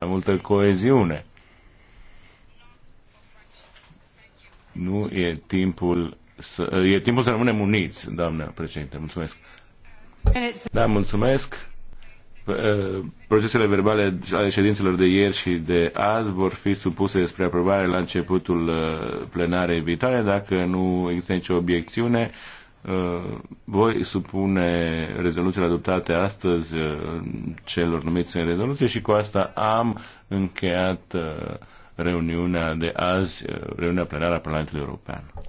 mai multă coeziune. Nu e timpul să, e timpul să rămânem uniți, doamnă președinte. Mulțumesc. Da, mulțumesc. Uh, procesele verbale ale ședințelor de ieri și de azi vor fi supuse spre aprobare la începutul uh, plenarei viitoare. Dacă nu există nicio obiecțiune, Uh, voi supune rezoluțiile adoptate astăzi uh, celor numiți în rezoluție și cu asta am încheiat uh, reuniunea de azi, reuniunea plenară a Parlamentului European.